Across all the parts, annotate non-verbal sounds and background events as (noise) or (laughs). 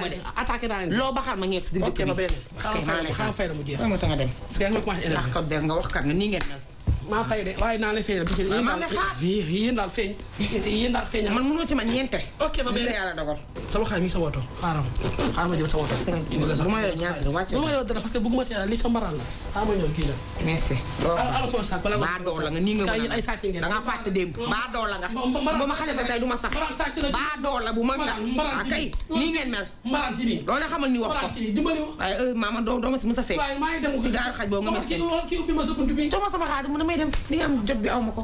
ma de attaqué naa loo baxal ma ñeeg si digg bi. ok ma benn xaaral fay na mu jeex. ma tax dem. parce que nga wax kat nga nii ngeen mel. maa tay de waaye naa la feeñal. waaw maa ngi lay xaar yéen daal feeñ. man mënoo ci ma ñeente. ok ma benn yàlla dogal. sama xaalis mi sa woto xaaral xaaral ma jëm sa woto. bu ma yoree ñaar bu ma yoree dara parce que bëgguma see li sa mbaral la xaaral a baa dool nga nii ngeen mel mbaran si xamal ni wax ko euh, doo ma si mës a fekk si gaaru xaj boobu ma sa bunt bi sama xaalis mu damay dem li nga jot bi aw ma ko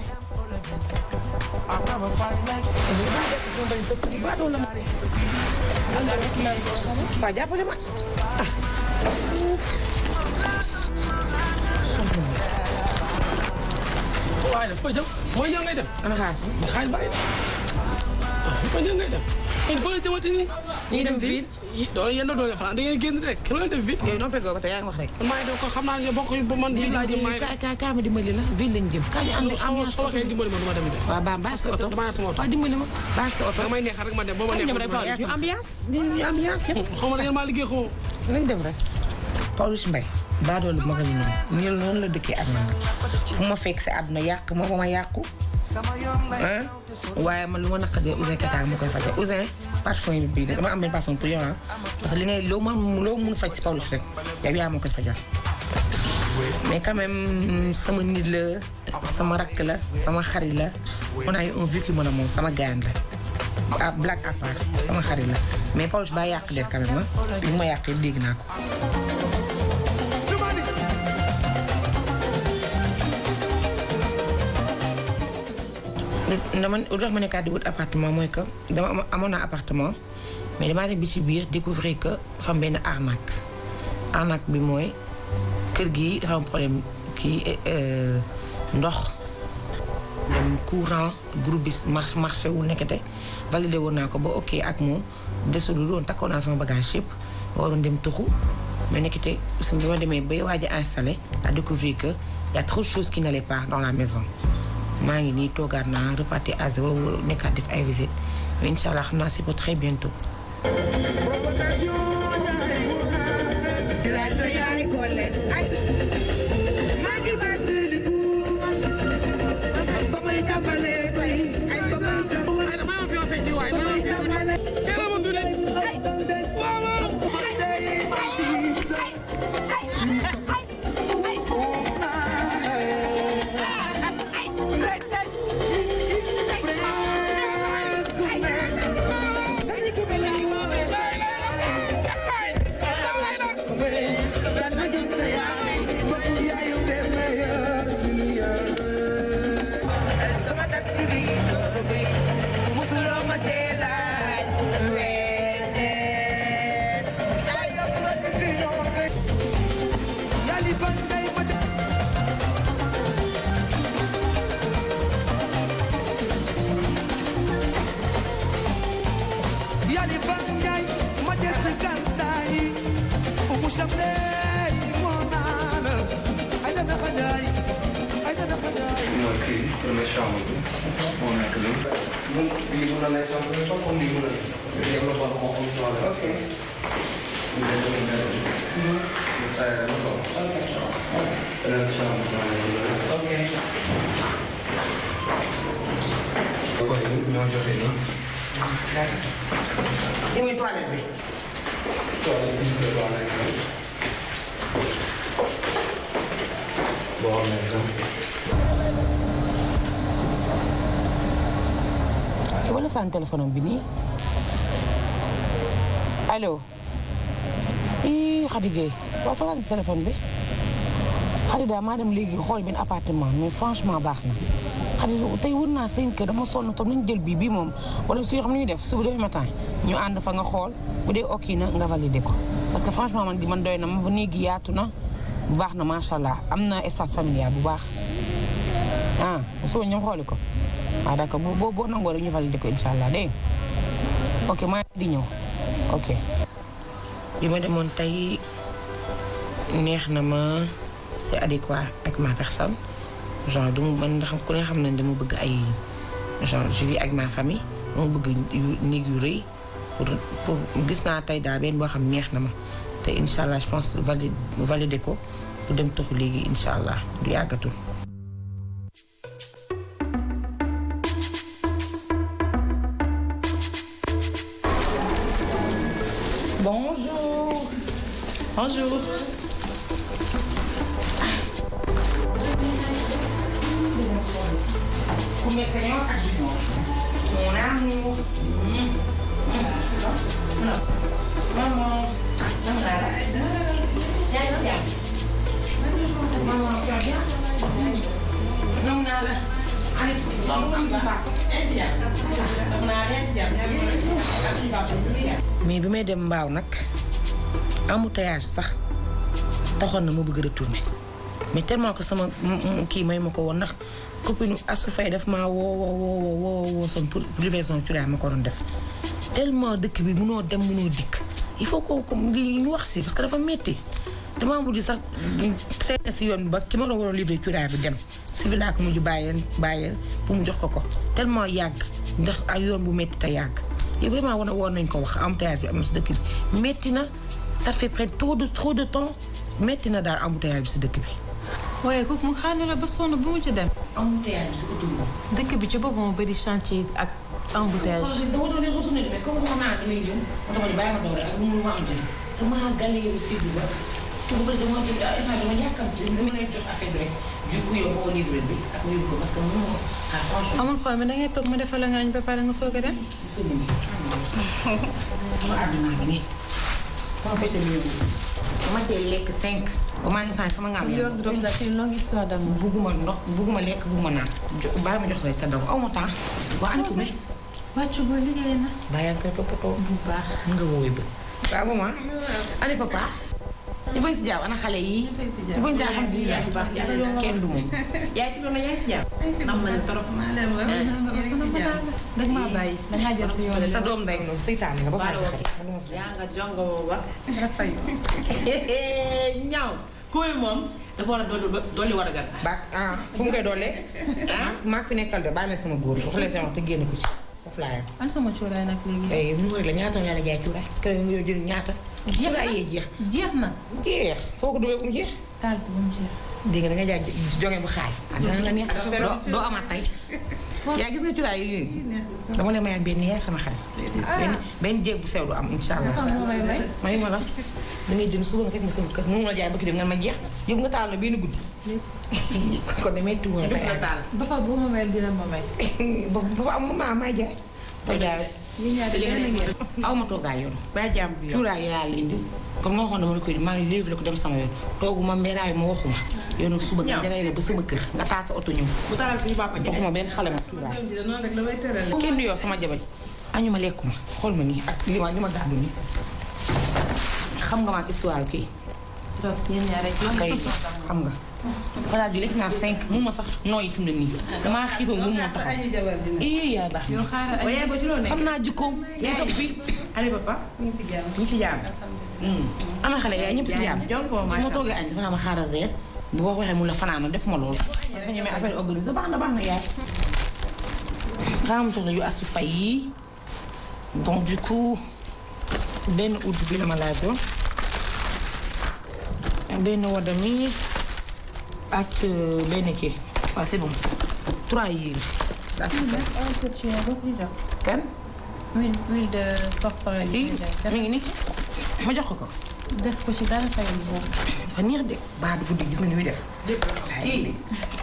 waaw jàppale ma waaye daf koy jëm mooy ñëw ngay dem. ana xaalis bi xaalis bàyyi la. mooy ñëw ngay dem. il faut que ñu dem ville. doole yéen doole fanaan da ngeen génn rek loolu def ville yooyu noppee goo ba tey yaa ngi wax rek maa ngi doon ko xam naa ne bokk ba man ville laa jëm maa ngi kaa kaa ma dimbali la ville lañ jëm kaa ñu ànd am soo waxee dimbali ma du ma dem de waaw baa baax sa oto dama yor sama oto waaw dimbali ma baax sa oto damay neexal rek ma dem boo ma neexal ñu ambiance ñu (laughs) ambiance xaw ma da ngeen maa liggéey xaw nañ dem rek Pawlish Mbaye baadoolu ma ko ñu noonu noonu la dëkkee ak man fu ma fekk si àdduna yàq ma ba ma yàqu waaye man lu ma naqadee Ouzin Keita moo koy fajee Ouzin parfum bi de dama am benn parfum pour yow parce que li ngay loo mën loo mën faj si Pawlish rek yow yaa moo koy fajal. mais quand sama nit la sama rakk la sama xarit la on mën moom sama gaan la ah blague à part mais Pawlish baa yàq de quand même ah ma yàqee dégg naa ko. dama dox ma nekkaat di wut appartement mooy que dama amoon naa appartement mais damaa dem bi ci biir découvrir que dafa am benn arnaque arnaque bi mooy kër gi dafa am problème kii euh, ndox dem courant group bi marché marché wul nekkete validé woon naa ko ba ok ak moom desul lu doon takkoon naa sama bagage yëpp waroon dem tuxu mais nekkete su ma demee bay waaj a installé à découvrir que y a trop de choses qui dans la maison maa ngi nii toogaat naa reparti à zéro nekkaat ay visite mais incha allah xam naa c'est pour très bientôt. yali bangay ma des gànnaay umu samley moo naana ay dana xajaay ay dana xajaay mooy kii premier chambre bi moo nekk li mun lii mun a nekk chambre bi comme lii mun a nekk parce que yow la baax moo am doole ok ñu dem ñu dem ñu saa yàlla ko beneen chambre maa ngi ok ñoo joxe nii li muy toilette bi. bi wala saan téléphone am bi nii allo. ii Khady Gueye waaw fagal si téléphone bi Khady daa maa dem léegi xool benn appartement franchement baax na. xam ne tey wër naa seen kër dama sonn tom nañ jël bii bii moom wala su yoo xam ne ñuy def suba demain matin ñu ànd fa nga xool bu dee okki na nga validé ko parce que franchement man gi man doy na ma ba néegi yaatu na bu baax na macha allah am na espace familial bu baax ah suba ñoom xooli ko waaw d'accord boo boo nangoo rek ñu validé ko incha allah dégg ok maa di ñëw ok bi ma demoon tey neex na ma c'est adéquat ak ma personne genre dama man ndax ku ne xam nañ dama bëgg ay genre je ak ma famille dama bëgg yu néeg yu rëy pour pour gis naa tey daa benn boo xam neex na ma te incha allah je pense valide valide ko bu dem toxu léegi incha allah du yàggatul. naa la. mais bi may dem mbaaw nag embouteillage sax taxoon na ma bëgg retourner mais tellement que sama kii may ma ko woon ndax copine asu fay daf maa woo woo woo woo woo son pour livraison cuuraay ma ko doon def tellement dëkk bi mënoo dem mënoo dikk il faut que li ñu wax si parce que dafa métti. damaa mujj sax seen si yoon ba ki ma doon waroon livré cuuraay bi dem si village ko mujj bàyyeen bàyyeen bu mu jox ko ko tellement yàgg ndax ay yoon bu métti te yàgg yow vraiment war na woon nañ ko wax embouteillage bi am si dëkk bi métti na ça fait près trop de trop de temps métti na daal embouteillage bi si dëkk bi. waaye kooku mu xaar la ba sonn bu mu ci dem. embouteillage bi si ëttu dëkk bi ci boppam mu bëri chantier ak embouteillage. dama doon retourné mais comme xam naa damay ñëw dama ne bàyyi ma doole ak mu ma am jëm damaa galéré si bi ba. te bu ah ma leen da ngay toog ma defal la nga añ ba pare nga soog a dem. sëñ lekk cinq. au moins instant sama nga am yow une longue bugguma lekk bugguma naan. jo bàyyi ma jox la te daw aw ma temps. waa Aliou Koumé. wàccu ba liggéey na. ba. waaw maman. Aliou papa. Boy si ana xale yi. Boy si jaaw alhamdulilah kenn du moom. yaa ci doon na yaa ci jaaw. nam na ne trop. dag maa bàyyi dangaa jël sa doom day noonu seytaane nga ba pare. yaa nga jongo ba. (laughs) ñaaw kooy moom dafa war a dolli war a gan. ba ah fu mu koy dollee. (laughs) ah fi nekkal de bàyyi na sama góor jox sa sama te génn ko ci. foofu laa yem. an sama cuuraay nag léegi. tey eh, mu ñaata la jaay cuuraay. kër nga jël ñaata. jeex na ayee jeex. na. foo ko dugal ko mu jeex. taal ko ba mu jeex. dégg nga da nga jaay jonge bu xaay. dana la neex doo doo amaat tey. yaa gis nga cuuraay yooyu. dama lay mayaat benn yaay sama xarit. Ah. benn benn jéeg bu sew du am incha allah. may ma la da ngay jënd suba nga fekk ma sama kër mënu nga ma jeex yëpp nga taal na benn guddi. kon damay tuuma la. ba fa bu ma may dina ma may. (laughs) ba am ma may jaay. ñun ñaar ngeen aw ma toogaay yoon. ba jàmm cuuraay laa la indi. comme nga waxoon dama la koy di maa ngi léegi la ko dem sama yoon tooguma mbéraay ma waxuma. yow nag suba nga jaay sama kër nga taal sa oto ñëw. bu benn xale ma cuuraay. kenn du sama jabar añu ma lekkuma xol ma nii ak li ma li ma gàddu xam nga ma ak histoire kii. trop xam nga. xalaat ju lekk naa cinq mun ma sax nooyi fi mu ne nii damaa xiifa mun ma taxaw i yaay baax xam naa jikkoom yaay toog fi allez papa ñu si jàmm ñu si jàmm hmm. ana xale yaay ñëpp si jàmm su ma toogee añ dafa naa ma xaaral reer bu wax waxee mu la fanaana def ma loolu dafa ñemee affaire organisé baax na baax na yaay xaam soxna yu asu fay yi donc du coup benn ut bi la ma laaj doon benn wadami ak euh, benn kii waaw c'est bon trois yii de porc si mi ngi ma jox ko ko. def ko ci dara fayal boobu. dafa de baadu guddi gis nga ni muy def. dégg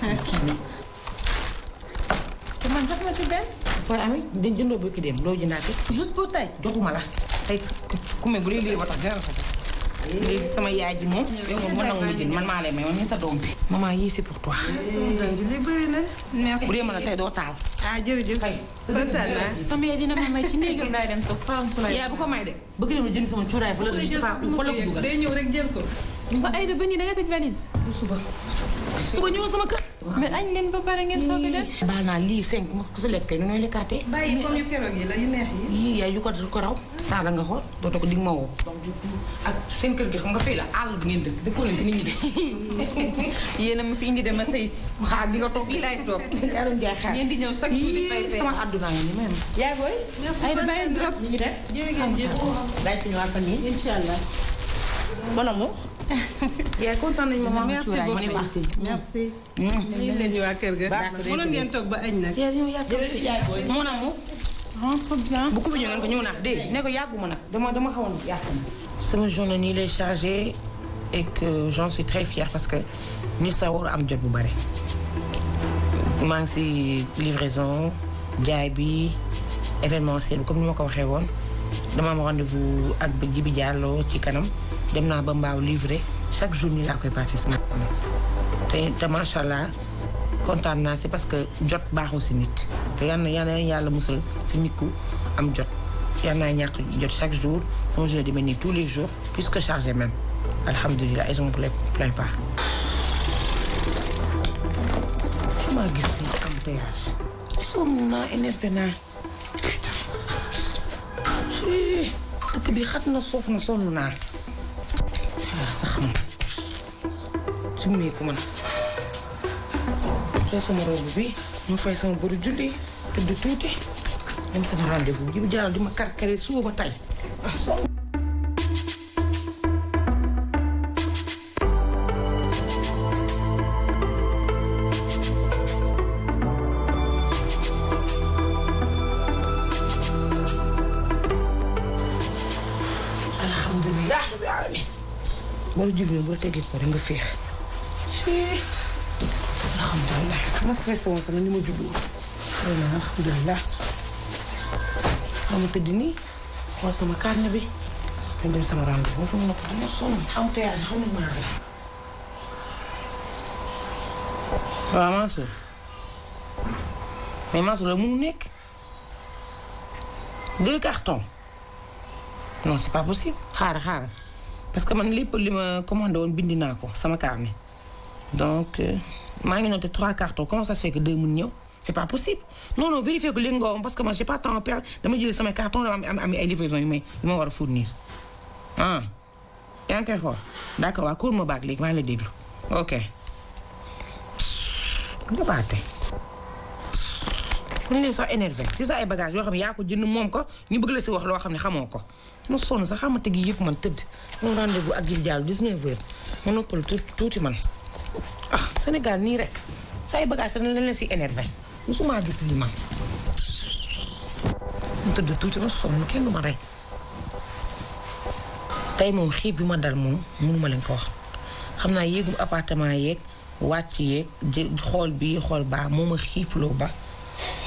nga kii te man jox ma ci benn. fooy amee dañ jëndoo bëgg dem loo la. tey ku me tax dina léegi sama yaay ji moom yow moom mën na nga jël man maa lay may woon ñu sa doom bi. maman yii c'est pour toi. li ah, bëri a ah, sama yaay dina ma may ci néegam laay dem toog faamu ko yaay bu ko may de. bëgg na sama cuuraay fa la dugg si faamu fa la dugal. day ñëw rek jël ko. ba ay de ba nii da nga tëj valise. suba suba sama kër. mais añ leen ba pare ngeen soo a dem. baal naa lii cinq ma ku si lekk yi la yu neex yi. yii yaay yu ko yu ko raw. saa da xool dootoo ko dig ma woo. ak seen kër gi xam nga fii la àll bi ngeen dëkk dëkkoo leen (laughs) yéen a ma fi indi dem a sëy si. waaw nga toog fii laay toog. (laughs) ngeen di ñëw chaque jour di fay fay. sama àdduna yi même. yaa ngi koy. ay bàyyi drops. ñu ngi dem. jërëjëf. daay ci ñëwaat fan yii. incha yaa kontaan nañu ma merci beaucoup merci. Mm. Mm. ñu ngi ngeen toog ba añ nag. yow yàgg mu na yàgguma nag dama dama xawoon yàgg na. sama journée nii lay chargé et que j'en suis très fière parce que ni sa war am jot bu bare. maa si livraison jaay bi événementiel bi comme ni ma ko waxee woon dama am rendez-vous ak Djibi Diallo ci kanam. dem naa ba mbaaw livré chaque jour nii laa koy passé sama macha allah kontaan naa si parce que jot baaxul si nit te yal na yal yàlla musal si nit ku am jot yal naa ñàkk jot chaque jour sama journée di mel nii tous les jours plus que chargé même alhamdulilah ils sont plein pas su ma gis nii am voyage sonn naa énervé naa dëkk bi xat na soof na sonn naa xaaral sax xam summeeku soo sama robe bi mu fay sama bëri julli tëdd tuuti dem sama rendez-vous bi jaral di ma karkare suba ba tay ah, ma tegee ko rek féex. alhamdulilah ma stressé woon sama ni ma jublu alhamdulilah ma tëdd nii xool sama carnet bi. dañ sama rendez-vous waaw Mansour mais Mansour la mënu nekk deux cartons non c'est pas possible xaaral xaaral. parce que man lépp li ma commandé woon bindi naa ko sama carnet donc euh, maa ngi noté trois cartons comment ça se fait que deux mun ñëw c' est pas possible non non vérifier ko léegi nga wax parce que man j' pas temps à perdre dama sama carton dama am am may yu ma war a fournir ah yaa ngi koy xool ma baag léegi maa ngi lay déglu ok nga baatee. ku ñu lay sax énervé si sa ay bagage yoo xam ne yaa ko jënd moom ko ñu bëgg la si wax loo xam ne xamoo ko mu sonn sax xamante gi yëpp man tëdd mu rendez-vous ak Djiby Diallo 19h ma noppal tuuti man ah nii rek sa ay bagage dañ leen si énervé musuma gis lii man tëdd tuuti ma sonn kenn ma rey tey moom xiif bi ma dal moom mënuma leen ko wax xam naa yéegum appartement yeeg wàcc yeeg xool bi xool baa moom a xiifloo ba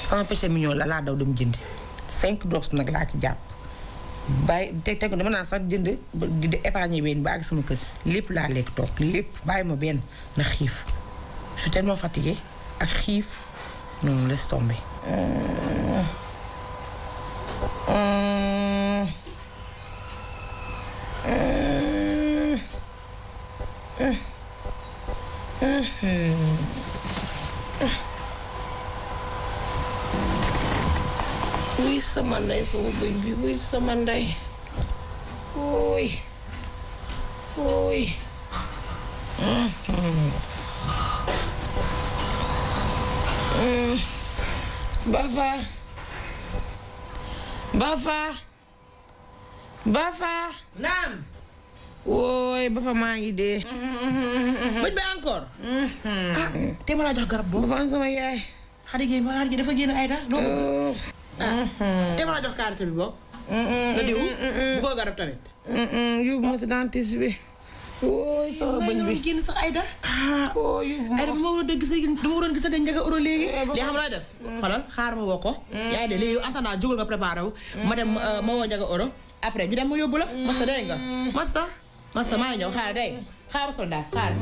sama péché mignon la daw dem jëndi cinq doses nag laa ci jàpp bàyyi te tegu dama naa sax jënd di épargner benn ba àgg sama kër lépp laa lekk toog lépp bàyyi ma benn na xiif je suis tellement ak xiif noonu laisse wuy sama ndey sama bëñ wuy sama wuy wuy mm-hmm. mm-hmm. bafa bafa bafa naam wooy bafa maa ngi dee (laughs) bëñ ba encore te ma mm-hmm. ah, laa jox garab boobu bafa sama yaay xarit gi ma xarit gi dafa génn ay da Mm-hmm. te mën a jox karité bi boog. Mm-hmm. nga mm-hmm. tamit. yóbbu ma si dentiste bi. ooy sama bëñ bi génn sax ay ah, ooy yóbbu ma Aida bi ma waroon a gisee dama waroon dañ njëkk a euro léegi. Eh, li xam lay def. xoolal xaar ma woo ko. de léegi en attendant nga préparé ma dem euh, ma woo njëkk euro après ñu dem ma yóbbu la. Massa dégg nga. Massa Massa ñëw xaar day xaar soldat xaar.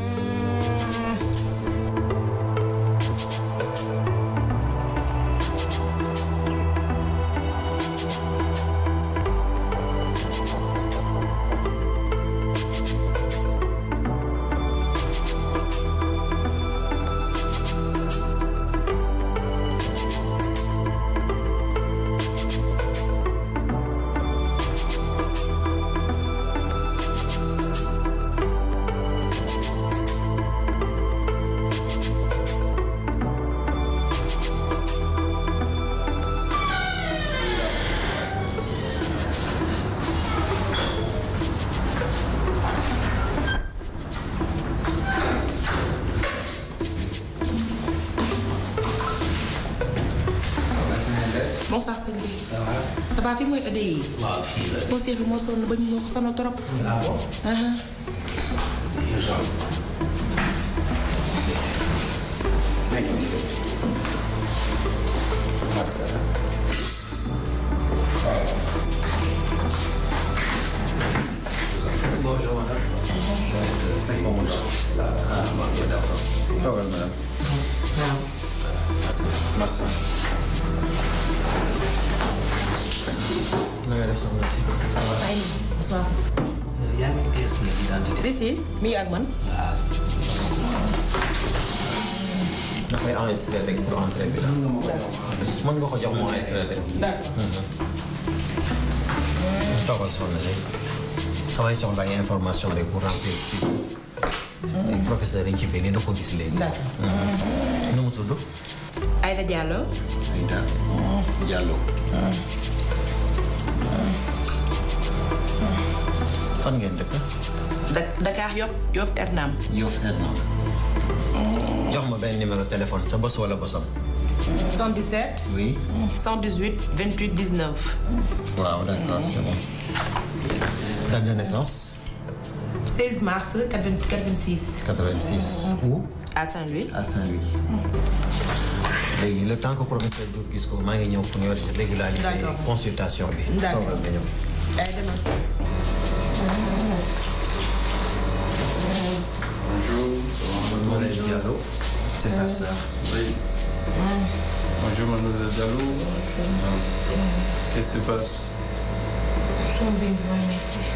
bonsoir sëñ bi. ça va. ça va fii mooy ëdde yi. waaw fii la. boo seetlu moo sonn ba ñu moo ko sonal trop. ah bon. Ah ah. Bonjour madame. C'est ah, bon, là. Ah, d'accord. C'est pas mal, madame. Merci. Merci. soxna si. ça va ay bonsoir. yaa ngi pièce d'identité. si si mi ngi ak man. waaw. da koy enregistré rek pour entrée bi la. mën nga ko jox mu enregistré rek. d'accord. toogal soxna si. damay soxla ay information rek pour remplir ci. ay professeur yi ci biir nii da ko gis léegi. d'accord. nu mu tudd. Aïda Diallo. Aïda Diallo. Ah. fan ngeen dëkk. Dakar Yoff Yoff Ernam. Yoff Ernam. jox ma benn numéro téléphone sa bos wala bosam. 77. oui. 118 28 19. waaw d'accord c'est bon. date naissance. 16 mars 86. 86. où? à Saint-Louis. à Saint-Louis. léegi le temps que professeur gis ko maa ngi ñëw pour ñu régulariser consultation bi. d'accord nga ñëw. Bonjour, c'est Mademoiselle Diallo. C'est sa sœur. Oui. Bonjour, Mademoiselle Diallo. Qu'est-ce qui se passe Son bébé a été.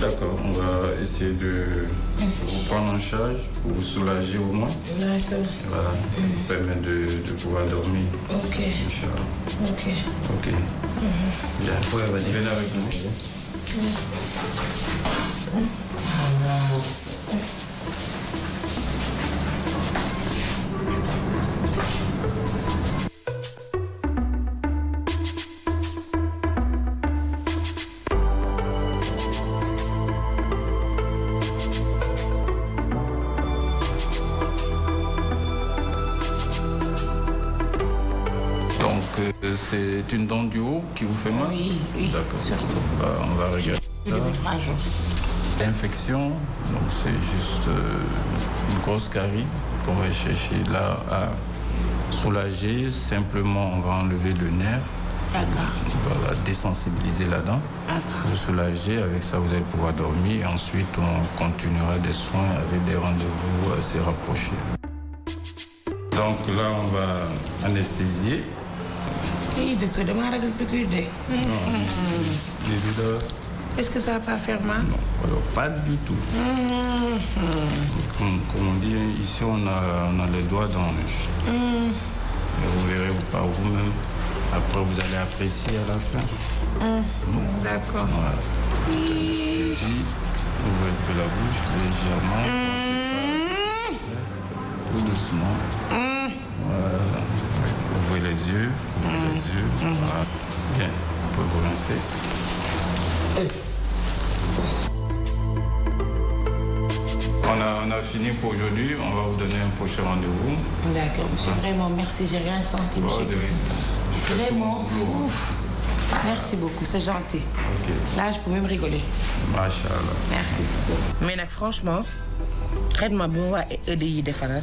D'accord, on va essayer de vous prendre en charge pour vous soulager au moins. D'accord. Voilà, vous permettre de, de pouvoir dormir. Ok. Inch'Allah. Ok. Ok. Puedes venir. Ven a ver conmigo. c'est une dent du haut qui vous fait mal Oui, oui. D'accord. Surtout. Bah, on va regarder ça. Trois jours. L'infection, donc c'est juste euh, une grosse carie qu'on va chercher là à soulager. Simplement, on va enlever le nerf. Voilà, désensibiliser la dent. Vous soulager, avec ça vous allez pouvoir dormir. Et ensuite, on continuera des soins avec des rendez-vous assez rapprochés. Donc là, on va anesthésier. kii docteur damaa ragal piqûre de. non est-ce que ça pas faire pas du tout. Comme, ici on a les doigts dans mais vous verrez par vous-même après vous allez apprécier à la fin. Mm, d'accord. voilà. ouvrez un peu les yeux, ouvrez les mm. yeux. Mm. Voilà. Bien, vous pouvez vous lancer. On a, on a, fini pour aujourd'hui. On va vous donner un prochain rendez-vous. D'accord, monsieur. Ouais. Vraiment, merci. J'ai rien senti, monsieur. Oh, Vraiment. Ouf. Merci beaucoup, c'est gentil. Okay. Là, je peux même rigoler. Machallah. Merci. mais nag franchement xet ma bu ma waa EDI defaral.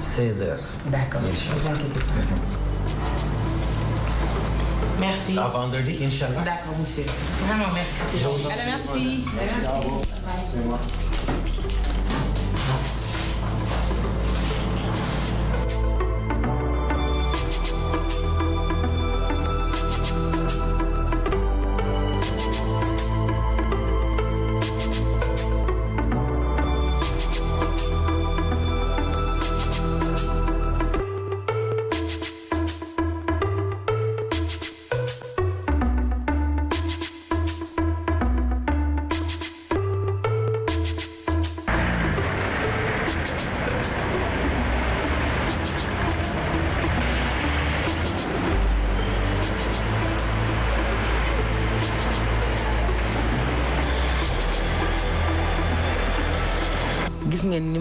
16 heures. D'accord. Merci. À vendredi, Inch'Allah. D'accord, monsieur. Vraiment, merci. Je vous en prie. merci. merci. merci.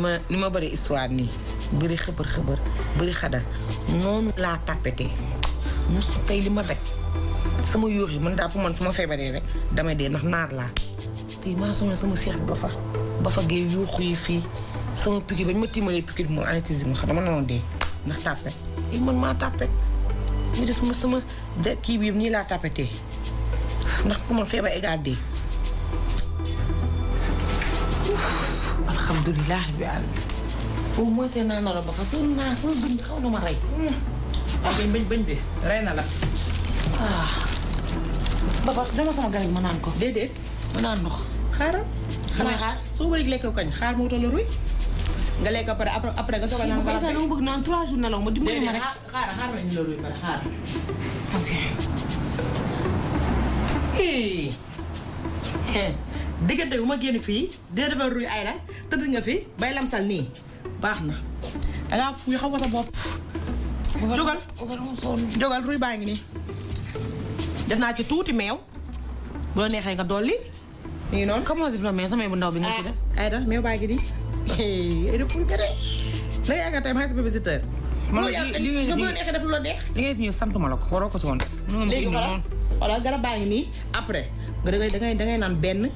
ma ni ma bëri histoire nii bëri xëbër xëbër bëri xadar noonu laa tàppatee mus tey li ma daj sama yóox yi man daa bu man su ma feebaree rek damay dee ndax naar laa tey maa sonal sama seex bi ba fa ba fa gee yóoxu yi fii sama piqûre ba ñu ma tiimalee piqûre bi moom anesthésie ma xam dama noonu dee ndax tàppet i man maa tàppet ñu def sama sama kii bi nii laa tàppatee ndax pour feebar égal dee alhamdulilah bi alamin boobu mooy tey naa nelaw ba fa sonn naa sama bëñ bi xaw na ma rey. ah bañ bañ bañ bi rey na la. ah. dafa dama sama garab ma naan ko. déedéet ma naan ndox. xaaral. xanaa xaar soo bëri lekkee kañ xaar moo toll ruy. nga lekk après après nga soog a naan. trois jours nelaw ma dimbali ma rek. xaaral xaaral ñu la ruy pare xaaral. ok. diggante bu ma génn fii dina defar ruy ay la tëdd nga fi bay lamsal nii baax na dangaa fuy xaw sa bopp jógal jógal ruy baa ngi nii def naa ci tuuti meew bu la neexee nga dolli mi ngi noonu comment def la meew sama bu ndaw bi nga ci def ay ah, da meew baa ngi nii ay da fuy kare la li ngay neexee def lu la neex li ngay fi ñëw sant ma la ko waroo ko ci woon léegi voilà garab baa ngi nii après da ngay da naan benn